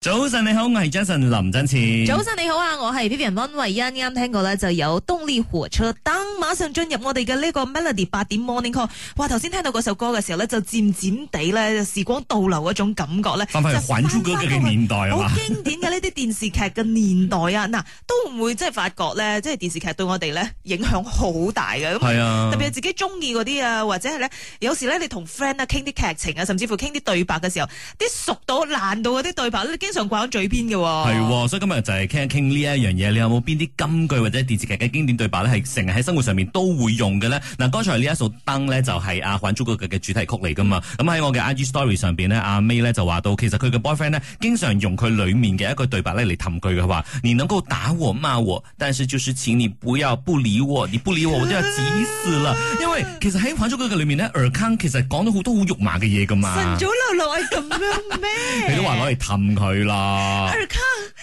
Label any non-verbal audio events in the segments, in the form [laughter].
早晨你好，我係 Jason 林振詞。早晨你好啊，我係 Vivian 溫慧欣。啱啱聽過咧，就有動力火車當，馬上進入我哋嘅呢個 Melody 八點 Morning Call。哇，頭先聽到嗰首歌嘅時候咧，就漸漸地咧時光倒流嗰種感覺咧，翻翻去還珠格格嘅年代好經典嘅呢啲電視劇嘅年代啊，嗱都唔會即係發覺咧，即係電視劇對我哋咧影響好大嘅。係、嗯、啊，特別係自己中意嗰啲啊，或者係咧，有時咧你同 friend 啊傾啲劇情啊，甚至乎傾啲對白嘅時候，啲熟到爛到嗰啲對白經常掛喺嘴邊嘅、哦，係、哦，所以今日就係傾一傾呢一樣嘢，你有冇邊啲金句或者電視劇嘅經典對白咧？係成日喺生活上面都會用嘅咧？嗱、啊，剛才呢一首燈咧就係阿還珠格格嘅主題曲嚟噶嘛？咁喺我嘅 IG story 上邊咧，阿、啊、May 咧就話到，其實佢嘅 boyfriend 咧經常用佢裏面嘅一個對白嚟氹佢嘅話，你能夠打我罵我，但是就是請你不要不理我，你不理我我就要急死了。因為其實喺還珠格格裏面咧，爾康其實講咗好多好肉麻嘅嘢噶嘛。晨早流流係咁樣咩？你都話攞嚟氹佢。啦， [laughs] 爾康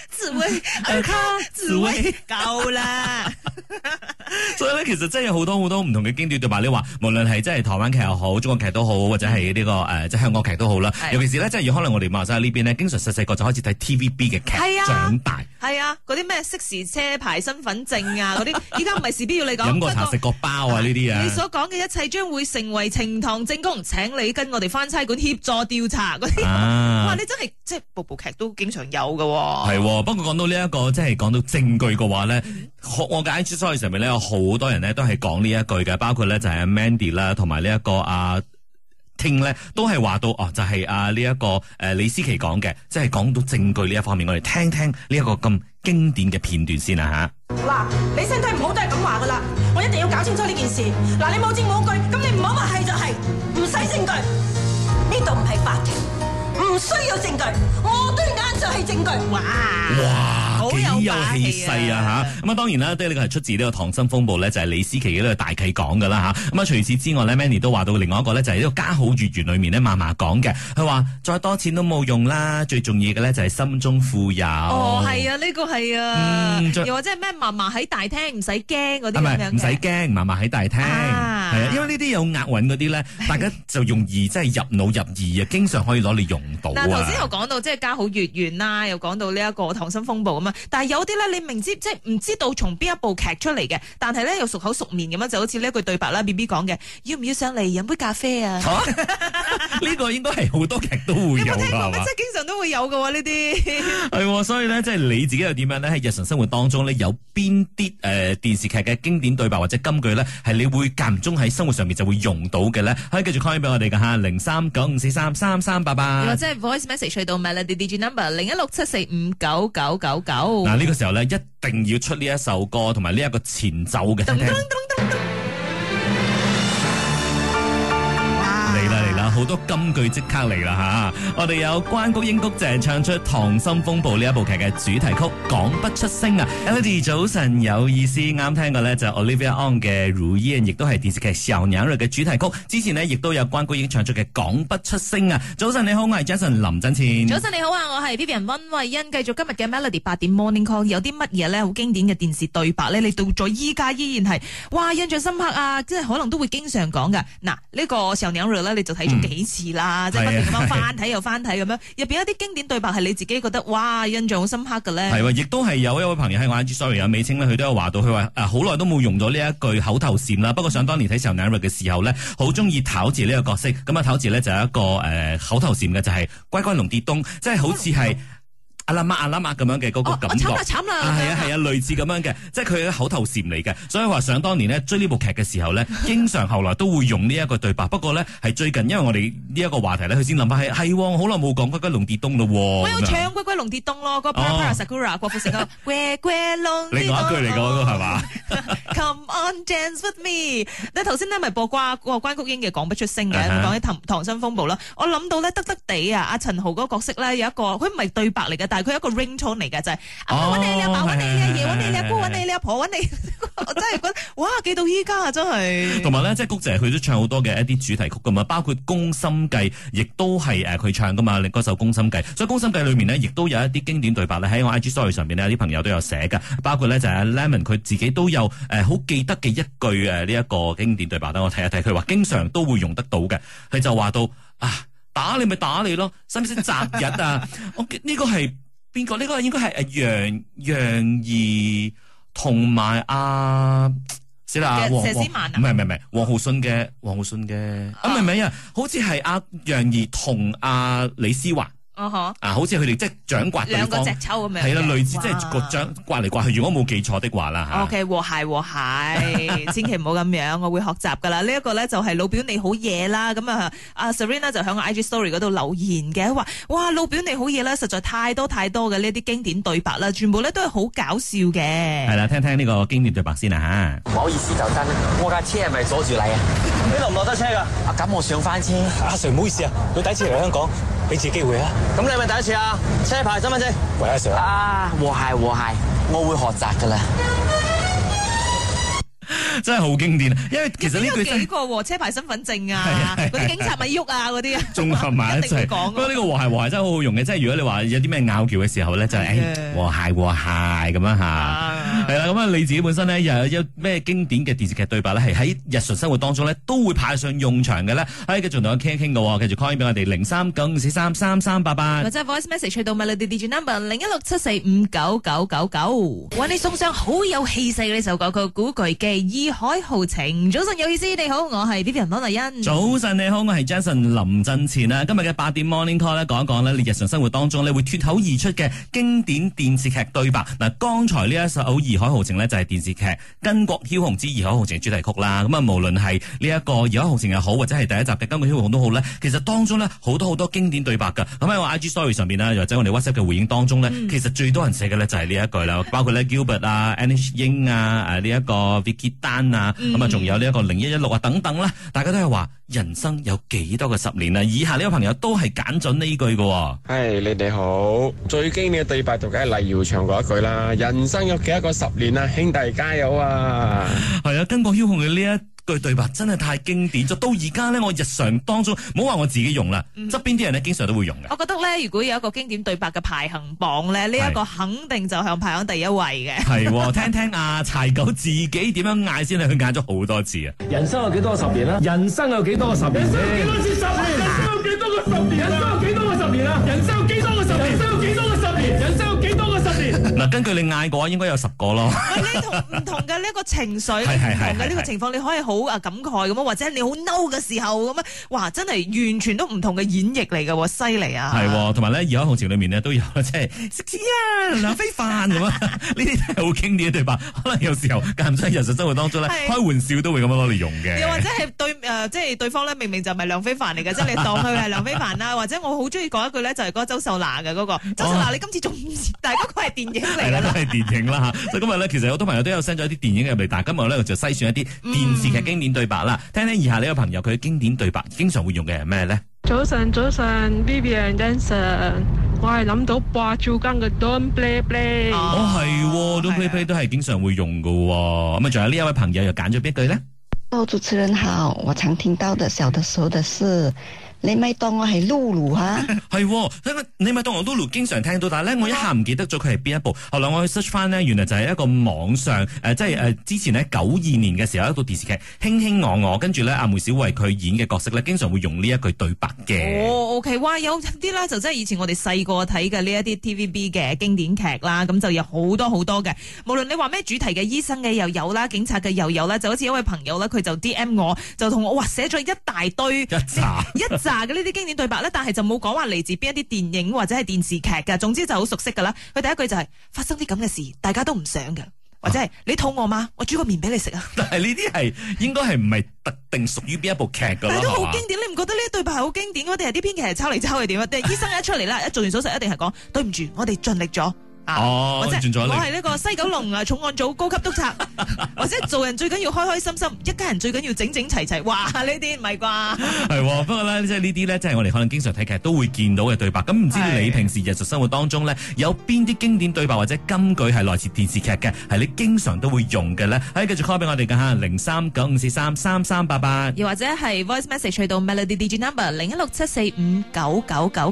紫薇，爾康紫薇夠啦， [laughs] [laughs] [laughs] 所以咧其實真係有好多好多唔同嘅經典對白。你話無論係真係台灣劇又好，中國劇都好，或者係呢、這個誒、呃、即係香港劇都好啦。啊、尤其是咧，即係可能我哋馬來西亞呢邊咧，經常細細個就開始睇 TVB 嘅劇，係啊，長大。係啊，嗰啲咩適時車牌、身份證啊，嗰啲依家唔係是事必要你講飲 [laughs] 過茶食過，過包啊呢啲啊，啊，你所講嘅一切將會成為呈堂證供，請你跟我哋返差館協助調查嗰啲。啊啊、哇，你真係即係部部劇都經常有嘅、啊。係、啊，不過講到呢、這、一個即係講到證據嘅話咧， [laughs] 我我嘅 IG story 上面咧有好多人咧都係講呢一句嘅，包括咧就係 Mandy 啦，同埋呢一個啊。聽咧都係話到哦，就係阿呢一個誒、呃、李思琪講嘅，即係講到證據呢一方面，我哋聽聽呢一個咁經典嘅片段先啦、啊、吓。嗱，你身體唔好都係咁話噶啦我一定要搞清楚呢件事。嗱，你冇證冇據，咁你唔好話係就係，唔使證據。呢度唔係法庭，唔需要證據，我對眼就係證據。哇！哇！有氣勢啊吓！咁啊，當然啦，都係呢個係出自呢個《溏心風暴》咧，就係、是、李思琪呢個大契講嘅啦吓。咁啊，除此之外咧，Manny 都話到另外一個咧，就係呢個《家好月圓》裏面咧，嫲嫲講嘅，佢話再多錢都冇用啦，最重要嘅咧就係心中富有。哦，係啊，呢、這個係啊。嗯、又或者係咩？嫲嫲喺大廳唔使驚嗰啲，係咪？唔使驚，嫲嫲喺大廳。係啊，因為呢啲有押韻嗰啲咧，大家就容易即係入腦入耳啊， [laughs] 經常可以攞嚟用到啊。嗱，頭先又講到即係《家好月圓》啦，又講到呢一個《溏心風暴》啊但係有啲咧，你明知即係唔知道從邊一部劇出嚟嘅，但係咧又熟口熟面咁樣，就好似呢一句對白啦，B B 講嘅，要唔要上嚟飲杯咖啡啊？吓，呢個應該係好多劇都會有噶。有冇聽過咩？即係 [laughs] 經常都會有嘅呢啲。係、 [laughs] 哦，所以咧即係你自己又點樣咧？喺日常生活當中咧，有邊啲誒電視劇嘅經典對白或者金句咧，係你會間中喺生活上面就會用到嘅咧？可以繼續 call 翻俾我哋噶吓，零三九五四三三三八八，或者係 voice message 去到 Melody DJ number 零一六七四五九九九九。嗱，呢個時候咧，一定要出呢一首歌同埋呢一個前奏嘅聽聽。噔噔噔噔噔噔好多金句即刻嚟啦吓！我哋有關菊英谷正唱出《溏心風暴》呢一部劇嘅主題曲《講不出聲》啊 [music] Melody 早晨有意思，啱聽過咧就 Olivia On 嘅《如燕》，亦都係電視劇《小娘惹》嘅主題曲。之前呢，亦都有關菊英唱出嘅《講不出聲》啊！早晨你好，我係 Jason 林振前。早晨你好啊，我係 Vivian 溫慧欣。繼續今日嘅 Melody 八點 Morning Call，有啲乜嘢咧好經典嘅電視對白咧？你到咗依家依然係哇印象深刻啊！即係可能都會經常講噶。嗱、這個，呢個《小娘惹》咧，你就睇住。幾次啦，的即係不斷咁樣翻睇又翻睇咁樣，入邊的一啲經典對白係你自己覺得哇印象好深刻嘅咧？係喎，亦都係有一位朋友喺我 Instagram，sorry，阿美青咧，佢都有話到，佢話啊好耐都冇用咗呢一句口頭禪啦。不過想當年睇《神奈嘅時候咧，好中意唞字呢個角色。咁啊唞字咧就係一個誒、呃、口頭禪嘅，就係、是、乖乖龍跌東，即係好似係。啊啦抹啊啦抹咁樣嘅嗰個感覺，慘啦慘啦，係啊係啊，類似咁樣嘅，即係佢嘅口頭禪嚟嘅，所以話想當年咧追呢部劇嘅時候咧，經常後來都會用呢一個對白。不過咧係最近，因為我哋呢一個話題咧，佢先諗翻起係，好耐冇講龜龜龍跌東咯。我要唱龜龜龍跌東咯，個 Para Para Sakura 郭富城個 Where Where Long。另一句嚟講係嘛？Come on dance with me。你頭先咧咪播過關菊英嘅講不出聲嘅，講喺溏溏心風暴啦。我諗到咧得得地啊，阿陳豪嗰個角色咧有一個，佢唔係對白嚟嘅。係佢一個 ringtone 嚟嘅，就係、是，搵、哦、你阿、啊、爸，爸的，搵你阿、啊、爺，搵你阿、啊、的姑子，搵你你阿婆子，搵你， [laughs] 真係覺得，哇，記到依家啊，真係。同埋咧，即係谷姐，佢都唱好多嘅一啲主題曲噶嘛，包括《宮心計》亦都係誒佢唱噶嘛，嗰首《宮心計》。所以《宮心計》裏面呢，亦都有一啲經典對白咧，喺我 IG story 上邊呢有啲朋友都有寫噶，包括咧就係阿 Lemon 佢自己都有誒好記得嘅一句誒呢一個經典對白，等我睇一睇。佢話經常都會用得到嘅，佢就話到啊，打你咪打你咯，使唔使擇日啊？我呢個係。邊個？呢個應該係阿楊楊怡同埋阿，死啦、啊！阿黃唔係唔係唔係黃浩信嘅黃浩信嘅，啊唔係唔係啊，啊好似係阿楊怡同阿李思華。哦呵，啊、uh，好似佢哋即係掌摑兩個隻抽咁樣，係啦、啊，類似哇 即係個掌刮嚟刮去，如果冇記錯的話啦吓。啊、OK，和諧和諧，千祈唔好咁樣， [laughs] 我會學習噶啦。呢、這、一個咧就係老表你好嘢啦，咁啊，阿 Serena 就響我 IG Story 嗰度留言嘅，話哇老表你好嘢啦，實在太多太多嘅呢啲經典對白啦，全部咧都係好搞笑嘅。係啦，聽聽呢個經典對白先啊吓。唔好意思，就真，我架車係咪阻住你啊？你落唔落得車噶？啊，咁我上翻車。阿 Sir 唔好意思啊，佢第一次嚟香港。 [laughs] 俾次機會啊，咁你咪第一次啊？車牌身份證，喂，阿 Sir！啊，和諧和諧，我會學習噶啦。 [laughs] 真係好經典，因為其實呢句真係幾過喎。車牌身份證啊，嗰啲、啊啊啊、警察咪喐啊，嗰啲啊，綜合埋 [laughs] 一齊講。不過呢個和諧和諧真係好好用嘅，即係如果你話有啲咩拗撬嘅時候咧，就係唉和諧和諧咁樣嚇。 [laughs] 係啦，咁啊你自己本身咧又有一咩經典嘅電視劇對白咧，係喺日常生活當中咧都會派上用場嘅咧，可以繼續同我傾一傾嘅。繼續 call 翻俾我哋零三九四三三三八八，或者 voice message 去到 Melody digital number 零一六七四五九九九九，為你送上好有氣勢嘅呢首歌曲《古巨基義海豪情》。早晨有意思，你好，我係 B B 人潘麗欣。早晨你好，我係 Jason 林振前啊。今日嘅八點 morning call 咧，講一講咧你日常生活當中你會脱口而出嘅經典電視劇對白。嗱，剛才呢一首好易。《二海豪情》咧就係電視劇《巾幗梟雄之二海豪情》主題曲啦，咁啊無論係呢一個《二海豪情》又好，或者係第一集嘅《巾幗梟雄》都好咧，其實當中咧好多好多經典對白噶，咁喺我 IG Story 上邊啦，又或者我哋 WhatsApp 嘅回應當中咧，其實最多人寫嘅咧就係呢一句啦，包括咧 Gilbert [laughs] 啊、Annie 英啊、誒呢一個 Vicky 丹啊，咁啊仲有呢一個零一一六啊等等啦，大家都係話。人生有幾多個十年啊？以下呢個朋友都係揀準呢句噶、啊。係、hey, 你哋好，最經典嘅對白就梗係黎耀祥嗰一句啦。人生有幾多個十年啊？兄弟加油啊！係 [laughs] 啊，巾幗梟雄嘅呢一句對白真係太經典咗，到而家咧，我日常當中冇話我自己用啦，側、嗯、邊啲人咧經常都會用嘅。我覺得咧，如果有一個經典對白嘅排行榜咧，呢一是個肯定就向排響第一位嘅。係， [laughs] 聽聽阿、啊、柴狗自己點樣嗌先啦，佢嗌咗好多次啊！人生有幾多個十年啦、啊？人生有幾多個十年、啊？人生有幾多個十年、啊？人生有幾多個十年、啊？人生有幾多個十年、啊？人生有幾多根據你嗌過，應該有十個咯。 [laughs] 同你同唔同嘅呢個情緒，唔同嘅呢個情況，你可以好啊感慨咁啊，是是是是或者你好嬲嘅時候咁啊，哇！真係完全都唔同嘅演繹嚟嘅，犀利啊！係，同埋咧義海豪情裏面咧都有，即係食屎啊，梁非凡咁啊！呢啲好經典啊，對白 [laughs] 可能有時候間唔中，日常生活當中咧開玩笑都會咁樣攞嚟用嘅。又或者係對、呃、即係對方咧，明明就唔係梁非凡嚟嘅，即係你 [laughs] 當佢係梁非凡啦。或者我好中意講一句咧，就係嗰個周秀娜嘅嗰個，周秀娜你今次仲唔接？但係嗰個係電影。 [laughs] 係啦，都係、就是、電影啦吓。所以 [laughs] 今日咧，其實好多朋友都有 send 咗一啲電影入嚟，但係今日咧就篩選一啲電視劇經典對白啦，嗯、聽聽以下呢位朋友佢嘅經典對白經常會用嘅係咩咧？早晨，早晨，B B and Danson，我係諗到掛吊燈嘅，Don't play play。哦係，Don't play play 都係經常會用嘅。咁啊的，仲有呢一位朋友又揀咗邊一句咧？哦，主持人好，我常聽到嘅小的時候的事。你咪當我係 Lulu 吓，係、 [laughs] 哦，你咪當我 Lulu 經常聽到，但係咧我一下唔記得咗佢係邊一部。後來我去 search 翻，呢，原來就係一個網上誒、呃，即係誒、呃、之前咧九二年嘅時候，一部電視劇《卿卿我我》，跟住咧阿梅小慧佢演嘅角色咧，經常會用呢一句對白嘅。哦、oh，OK，哇，有啲啦，就真係以前我哋細個睇嘅呢一啲 TVB 嘅經典劇啦，咁就有好多好多嘅，無論你話咩主題嘅，醫生嘅又有啦，警察嘅又有啦，就好似一位朋友咧，佢就 DM 我就同我哇寫咗一大堆一集。 [laughs] [laughs] 呢啲經典對白咧，但係就冇講話嚟自邊一啲電影或者係電視劇嘅，總之就好熟悉噶啦。佢第一句就係、是、發生啲咁嘅事，大家都唔想嘅，或者係你肚餓嗎？我煮個麵俾你食啊。但係呢啲係應該係唔係特定屬於邊一部劇噶？但係都好經典，啊、你唔覺得呢一對白係好經典？我哋係啲編劇係抄嚟抄去點啊？定係醫生一出嚟啦， [laughs] 一做完手術一定係講對唔住，我哋盡力咗。哦，啊、我即係我係呢個西九龍啊，重案組高級督察。或者 [laughs] 做人最緊要開開心心，一家人最緊要整整齊齊。哇！呢啲唔係啩？係喎， [laughs] 不過咧，即係呢啲咧，即係我哋可能經常睇劇都會見到嘅對白。咁唔知你平時日常生活當中咧，的有邊啲經典對白或者金句係來自電視劇嘅，係你經常都會用嘅咧？可、哎、以繼續 call 俾我哋㗎嚇，零三九五四三三三八八。又或者係 voice message 去到 melody Digi number 零一六七四五九九九九。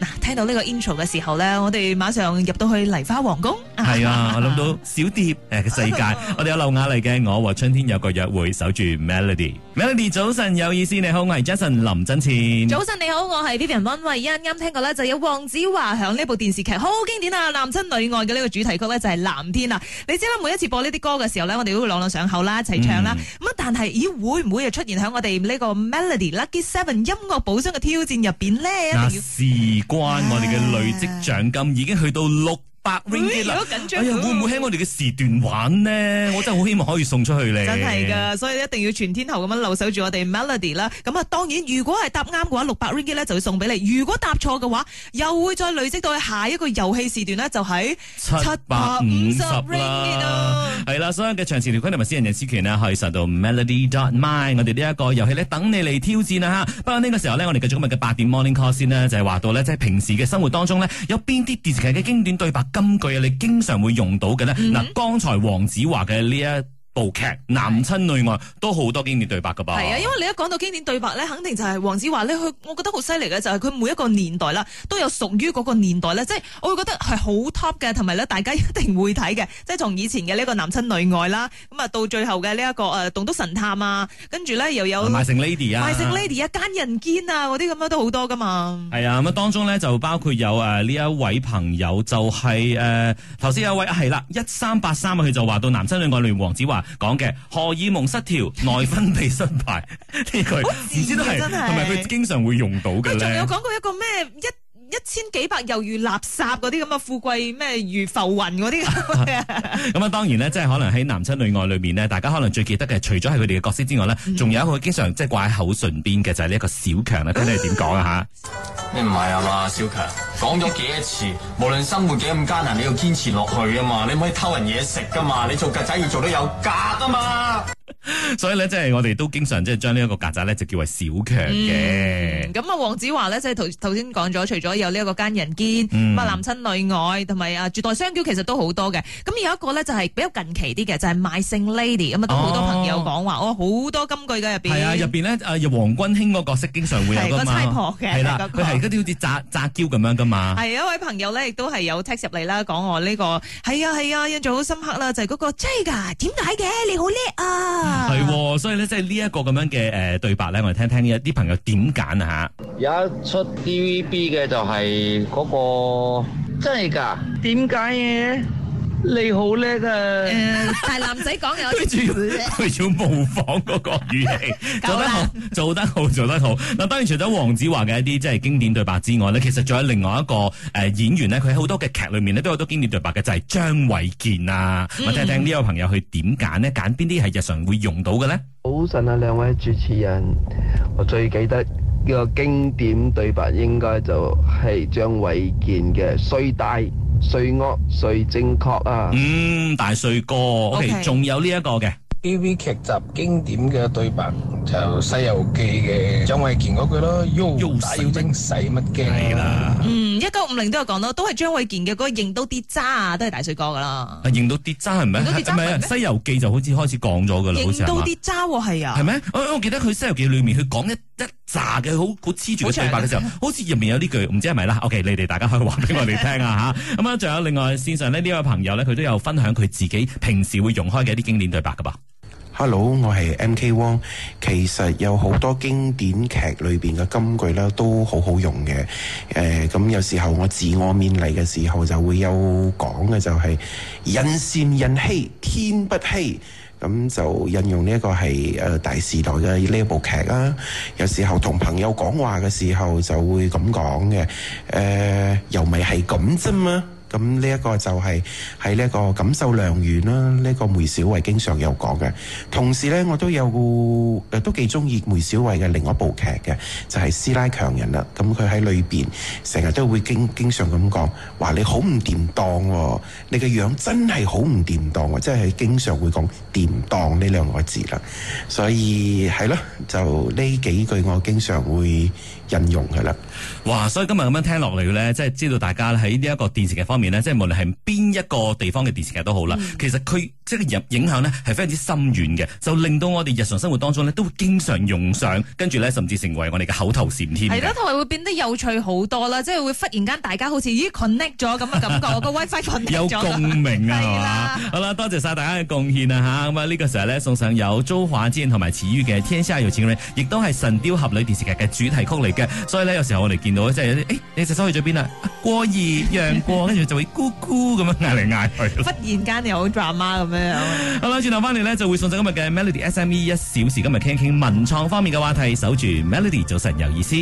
嗱，聽到呢個 intro 嘅時候咧，我哋馬上入到去。去梨花皇宮係啊！啊我諗到小蝶誒 [laughs] 世界， [laughs] 我哋有劉雅麗嘅《我和春天有個約會》，守住 Melody。Melody 早晨有意思，你好，我係 Jason 林振前。早晨你好，我係 Vivian 溫慧欣。啱聽過咧，就有黃子華響呢部電視劇，好經典啊！男親女愛嘅呢個主題曲咧就係、是《藍天》啊！你知啦，每一次播呢啲歌嘅時候咧，我哋都會朗朗上口啦，一齊唱啦。咁啊、嗯，但係咦會唔會又出現喺我哋呢個 Melody Lucky Seven 音樂寶箱嘅挑戰入邊呢？事關、啊、我哋嘅累積獎金已經去到六。百 ring 啦，如果緊張，哎呀，會唔會喺我哋嘅時段玩咧？我真係好希望可以送出去咧。真係噶，所以一定要全天候咁樣留守住我哋 Melody 啦。咁啊，當然如果係答啱嘅話，六百 ring 咧就會送俾你；如果答錯嘅話，又會再累積到去下一個遊戲時段咧，就喺七百五十 ring 啦。係啦，所有嘅長時聊天同埋私人隱私權咧，可以上到 Melody dot my。我哋呢一個遊戲咧，等你嚟挑戰啦吓。不過呢個時候咧，我哋繼續今日嘅八點 morning call 先啦，就係話到咧，即係平時嘅生活當中咧，有邊啲電視劇嘅經典對白。根據啊，你經常會用到嘅咧，嗱、mm，剛、hmm. 才黃子華嘅呢一部劇男親女愛都好多經典對白噶噃？係啊，因為你一講到經典對白咧，肯定就係黃子華咧，佢我覺得好犀利嘅，就係、是、佢每一個年代啦，都有屬於嗰個年代咧，即、就、係、是、我會覺得係好 top 嘅，同埋咧大家一定會睇嘅，即係從以前嘅呢個男親女愛啦，咁啊到最後嘅呢一個誒《棟篤神探》啊，跟住咧又有《賣剩 Lady》啊，賣啊《賣剩 Lady》啊奸人堅啊嗰啲咁樣都好多噶嘛。係啊，咁啊當中咧就包括有誒呢一位朋友就係誒頭先有一位係啦一三八三啊，佢就話到男親女愛裏邊黃子華。講嘅荷爾蒙失調、內分泌失敗呢句，唔、 [laughs] 這個、知道係 [laughs] 真係是，係咪佢經常會用到嘅咧。仲有講過一個咩一。千幾百猶如垃圾嗰啲咁嘅富貴咩如浮雲嗰啲咁啊！咁當然咧，即係可能喺男親女愛裏面咧，大家可能最記得嘅，除咗係佢哋嘅角色之外咧，仲有一個經常即係掛喺口唇邊嘅，就係呢一個小強啦。睇你點講啊？吓，你唔係啊嘛，小強講咗幾多次，無論生活幾咁艱難，你要堅持落去啊嘛！你唔可以偷人嘢食噶嘛！你做曱甴要做到有格啊嘛！所以咧，即係我哋都經常即係將呢一個曱甴咧，就叫為小強嘅。咁啊，黃子華咧即係頭頭先講咗，除咗有。呢一個奸人堅，啊男親女愛，同埋啊絕代雙驕，其實都好多嘅。咁有一個咧，就係比較近期啲嘅，就係 My 盛 Lady 咁啊，都好多朋友講話，我好、哦哦、多金句嘅入邊。係啊，入邊咧啊王君馨嗰個角色經常會有啊嘛。個差婆嘅。係啦的，佢係嗰啲好似詐詐嬌咁樣噶嘛。係一位朋友咧，亦都係有 text 入嚟啦，講我呢、這個係啊係啊，印象好深刻啦，就係、是、嗰、那個 a 係㗎，點解嘅你好叻啊？係、嗯哦，所以咧，即係呢一個咁樣嘅誒對白咧，我哋聽聽呢一啲朋友點揀啊。有一出 TVB 嘅就係嗰、那個，真係噶？點解嘅？你好叻啊！誒、嗯，係 [laughs] 男仔講有啲注意嘅。佢 [laughs] 要，要模仿嗰個語氣，了做得好，做得好，做得好。嗱，當然除咗黃子華嘅一啲即係經典對白之外咧，其實仲有另外一個誒演員咧，佢喺好多嘅劇裏面咧都有好多經典對白嘅，就係、是、張衛健啊，我聽聽呢位朋友去點揀呢？揀邊啲係日常會用到嘅咧？好神啊！兩位主持人，我最記得。呢個經典對白應該就係張衛健嘅衰大衰惡衰正確啊！嗯，大帥哥，OK，仲有呢一個嘅 TV 劇集經典嘅對白就《西遊記》嘅張衛健嗰句咯，妖妖精使乜驚啦？嗯，一九五零都有講到，都係張衛健嘅嗰個認到跌渣啊，都係大帥哥噶啦。啊，認到跌渣係咪？咁《西遊記》就好似開始講咗噶啦，好似認到跌渣係啊？係咪？我我記得佢《西遊記》裏面佢講一。一扎嘅好好黐住個對白嘅時候，好似入面有呢句，唔知係咪啦？OK，你哋大家可以話俾我哋聽啊嚇。咁啊，仲有另外線上咧，呢位朋友咧，佢都有分享佢自己平時會用開嘅一啲經典對白嘅噃。Hello，我係 MK 汪。其實有好多經典劇裏邊嘅金句咧，都好好用嘅。誒、呃，咁有時候我自我勉勵嘅時候就會有講嘅、就是，就係人善人欺，天不欺。咁就引用呢一個係誒、呃、大時代嘅呢一部劇啦、啊。有時候同朋友講話嘅時候就會咁講嘅。誒、呃，「又咪係咁啫嘛。」咁呢一個就係喺呢個錦繡良緣啦，呢、這個梅小惠經常有講嘅。同時呢，我都有誒都幾中意梅小惠嘅另外一部劇嘅，就係、是《師奶強人》啦。咁佢喺裏邊成日都會經經常咁講話你好唔掂當喎，你嘅樣真係好唔掂當喎，即係經常會講掂當呢兩個字啦。所以係咯，就呢幾句我經常會。引用嘅啦，哇！所以今日咁樣聽落嚟咧，即係知道大家喺呢一個電視劇方面呢，即係無論係邊一個地方嘅電視劇都好啦，嗯、其實佢即係影影響呢，係非常之深遠嘅，就令到我哋日常生活當中呢，都會經常用上，跟住呢，甚至成為我哋嘅口頭禪添。係啦、嗯，同埋會變得有趣好多啦，即係會忽然間大家好似咦 connect 咗咁嘅感覺，個 WiFi [laughs] 有共鳴啊，係嘛的？ [laughs] 的好啦，多謝晒大家嘅貢獻啊吓，咁啊，呢、這個時候呢，送上有周華健同埋齊豫嘅《天仙遊》詞曲，亦都係《神鵰俠侶》電視劇嘅主題曲嚟所以咧，有時候我哋見到即係有啲，誒、欸，你隻手去咗邊啦？過熱陽光，跟住 [laughs] 就會咕咕咁樣嗌嚟嗌去。 [laughs] 忽然間你、 [laughs] 嗯、好 drama 啊咁樣。好啦，轉頭翻嚟咧，就會送上今日嘅 Melody SME 一小時，今日傾傾文創方面嘅話題，守住 Melody 早晨有意思。